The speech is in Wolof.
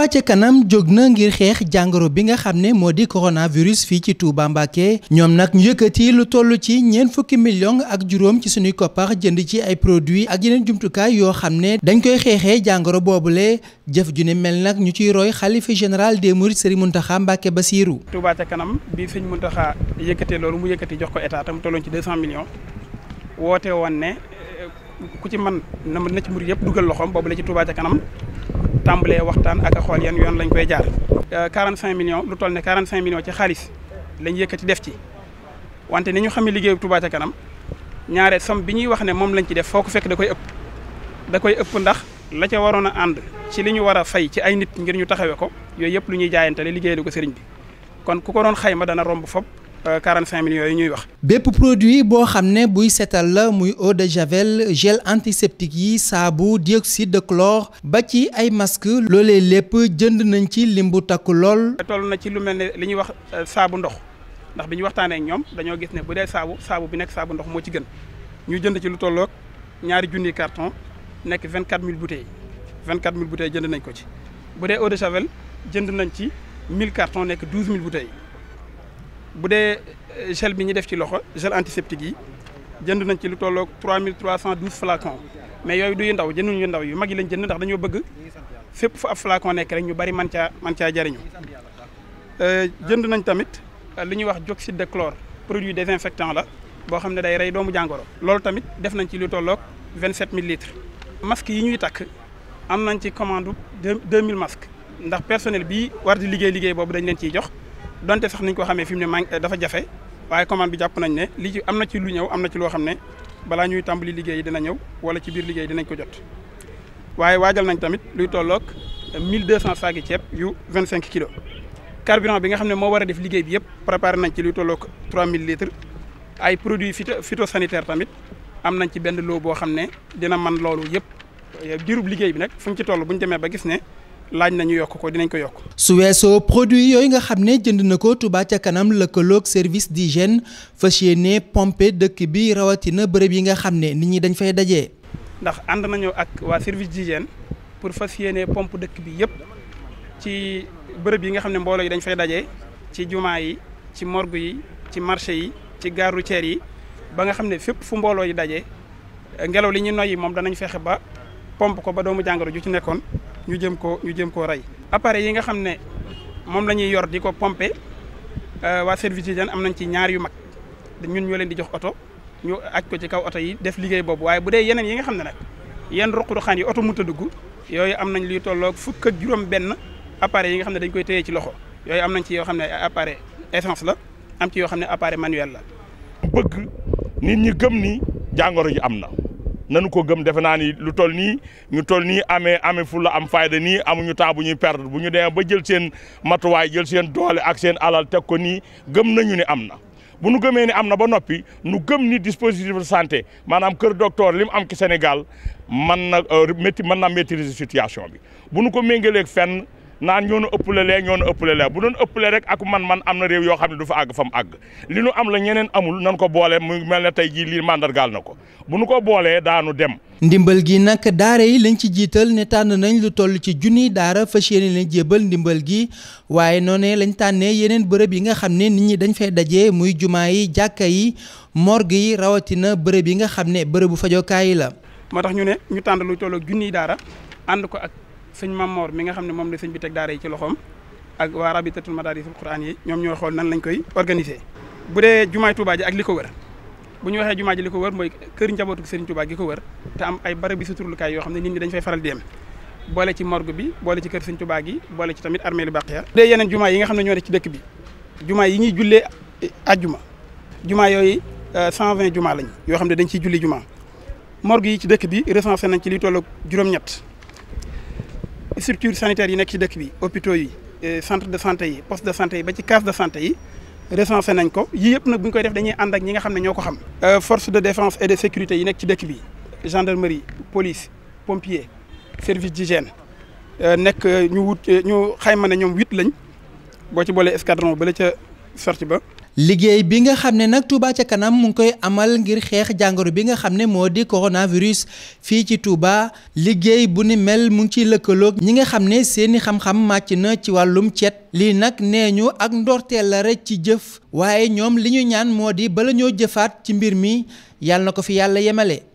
Touba ca kanam jóg na ngir xeex jàngoro bi nga xam ne moo di coronavirus fii ci Touba Mbacké ñoom nag ñu yëkkati lu toll ci ñeent fukki millions ak juróom ci suñuy koppar jënd ci ay produits ak yeneen jumtukaay yoo xam ne dañ koy xeexee jàngoro boobule jëf ju ne mel nag ñu ciy roy xalifa général des mourides Serigne Mountakha ba Bassirou. Touba ca kanam bi sëñ Mountakha yëkkatee loolu mu yëkkati jox ko état tam tolloon ci 200 woote woon ne ku ci man na ci murid yëpp dugal loxoom boobu la ci kanam. tàmbalee waxtaan ak a xool yan yoon lañ koy jaar. 45 euh, millions lu toll ne 45 millions ci xaalis lañ yëkkati def ci wante ni ñu xam ne liggéeyu Touba ca kanam ñaare somme bi ñuy wax ne moom lañ ci def foo ku fekk da koy ëpp da koy ëpp ndax la ca waroon a ànd ci li ñu war a fay ci ay nit ngir ñu taxawee ko yooyu yëpp lu ñuy jaayantale liggéey lu ko sëriñ bi kon ku ko doon xayma dana romb fop quarante cinq millions yi ñuy wax. bépp produit boo xam ne buy seetal la muy eau de javel gel antiseptique yi saabu dioxyde de chlore ba ci ay masque loolee lépp jënd nañ ci lim bu takku lool. toll na ci lu mel ne li ñuy wax euh, saabu ndox ndax bi ñu waxtaanee ñoom dañoo gis ne bu dee saabu saabu bi nekk saabu ndox moo ci gën ñu jënd ci lu tolloog ñaari junni carton nekk vingt quatre mille bouteilles vingt quatre mille bouteilles jënd nañ ko ci bu dee eau de javel jënd nañ ci mille carton nekk douze mille bouteilles. bu dee euh, gel bi ñu def ci loxo gel antiseptique yi jënd nañ ci lu tolloog 3312 flacons mais yooyu du yu ndaw jënduñu yu ndaw yu mag yi lañ jënd ndax dañoo bëgg fépp fu ab flacon nekk rek ñu bari man caa man caa jariñu euh, jënd nañ tamit euh, li ñuy wax dioxyde de chlore produit désinfectant la boo xam ne day rey doomu jàngoro. loolu tamit def nañ ci lu tolloog 27000 litres masques yi ñuy takk am nañ ci commande 2000 masques ndax personnel bi war di liggéey liggéey boobu dañ leen ciy jox. donte sax niñ koo xamee fi mu ne man eh, dafa jafe waaye commande bi jàpp nañ ne li ci am na ci lu ñëw am na ci loo xam ne balaa ñuy tàmbali liggéey yi dina ñëw wala ci biir liggéey dinañ ko jot waaye waajal nañ tamit luy mille deux 1200 saagi ceeb yu cinq kilos carburant bi nga xam ne moo war a def liggéey bi yëpp préparé nañ ci luy tolloog 3000 litres ay produits phyto phytosanitaire tamit am nañ ci benn loo boo xam ne dina man loolu yëpp eh, diirub liggéey bi nag fu ñu ci toll bu demee ba gis ne laaj nañu yokk ko dinañ ko yokk. su weesoo produit yooyu nga xam ne jënd na ko Touba ca kanam lëkkaloog service di d'hygiène fas yéene pompe dëkk bi rawatina bërëb yi nga xam ne nit ñi dañ fay daje. ndax ànd nañu ak waa service d'hygiène pour fas yéene pompe dëkk bi yëpp ci bërëb yi nga xam ne mbooloo yi dañ fay daje ci jumaa yi ci morgue yi ci marché yi ci gare routière yi ba nga xam ne fépp fu mbooloo yi daje ngelaw li ñu noyyi moom danañ fexe ba pompe ko ba doomu jàngoro ju ci nekkoon. ñu jëm ko ñu jëm koo rey appareil yi nga xam ne moom la yor di ko pomper euh, waa service d'hygiène am nañ ci ñaar yu mag ñun ñoo leen di jox oto ñu aj ko ci kaw oto yi def liggéey boobu waaye bu dee yeneen yi nga xam ne nag yan ruq-ruqaan yi oto mu dugg yooyu am nañ liy tolloog fukk ak juróom benn appareil yi nga xam ne dañ koy téye ci loxo yooyu am nañ ci yoo xam ne appareil essence la am ci yoo xam ne appareil manuel la bëgg nit ñi gëm nii jàngoro ji am na nanu ko gëm defe naa ni lu toll nii ñu toll nii amee amee fulla am fayda nii amuñu temps bu ñuy perdre bu ñu demee ba jël seen matuwaay jël seen doole ak seen alal teg ko nii gëm nañu ni am na. bu nu gëmee ni am na ba noppi nu gëm ni dispositif de santé maanaam kër docteur li am ci Sénégal man na euh, métti mën na maîtriser situation bi bu nu ko méngaleeg fenn. naan ñoo nu ëppale lee ñoo nu ëppale lee bu doon ëppale rek ak man-man am na réew yoo xam ne du fa àgg fa mu àgg li nu am la ñeneen amul nan ko boole mu mel ne tey jii lii màndargaal na ko bu nu ko boolee daanu dem. ndimbal gi nag daara yi lañ ci jiital ne tànn nañ lu toll ci junniy daara fas yéene leen jébal ndimbal gi waaye noonee lañ tànnee yeneen bërëb yi nga xam ne nit ñi dañ fay daje muy jumaa yi jàkka yi morgue yi rawatina bërëb yi nga xam ne bërëbu fajokaay la. moo tax ñu ne ñu tànn lu toll junniy daara ànd ko ak sëñ Mamor mi nga xam ne moom la sëñ bi teg daara yi ci loxoom ak waa rabitatul madarisul quran yi ñoom ñoo xool nan lañ koy organiser. bu dee jumaay Touba ak li ko wër bu ñu waxee jumaa ji li ko wër mooy kër njabootu Serigne Touba gi ko wër te am ay barab bi suturlukaay yoo xam ne nit ñi dañ fay faral dem boole ci morgue bi boole ci kër Serigne Touba gi boole ci tamit armée lu Baqiya yeneen jumaa yi nga xam ne ñoo ne ci jumaa yi ñuy jullee ajjuma jumaa yooyu 120 euh, jumaa lañ yoo xam ne dañ ciy julli jumaa morgue yi ci dëkk bi recensé nañ ci li tollu juróom-ñett structure sanitaire yi nekk ci dëkk bi hôpitaux yi euh, centre de santé yi poste de santé yi ba ci case de santé yi recensé nañ ko yii yëpp nag bu ñu koy def dañuy ànd ak ñi nga xam ne ñoo ko xam euh, force de défense et de sécurité yi nekk ci dëkk bi gendarmerie police pompier service d'hygiène euh, nekk ñu wut ñu xayma ne ñoom huit lañ boo ci boolee escadron ba la ca sorti ba liggéey bi nga xam ne nag Touba ca kanam mu ngi koy amal ngir xeex jàngoro bi nga xam ne moo di virus fii ci Touba liggéey bu ni mel mu ngi ciy lëkkalook ñi nga xam ne seeni xam-xam màcc na ci wàllum cet lii nag nee ñu ak ndorteel la rek ci jëf waaye ñoom li ñu ñaan moo di bala ñoo jëfaat ci mbir mi yàlla na ko fi yàlla yemale.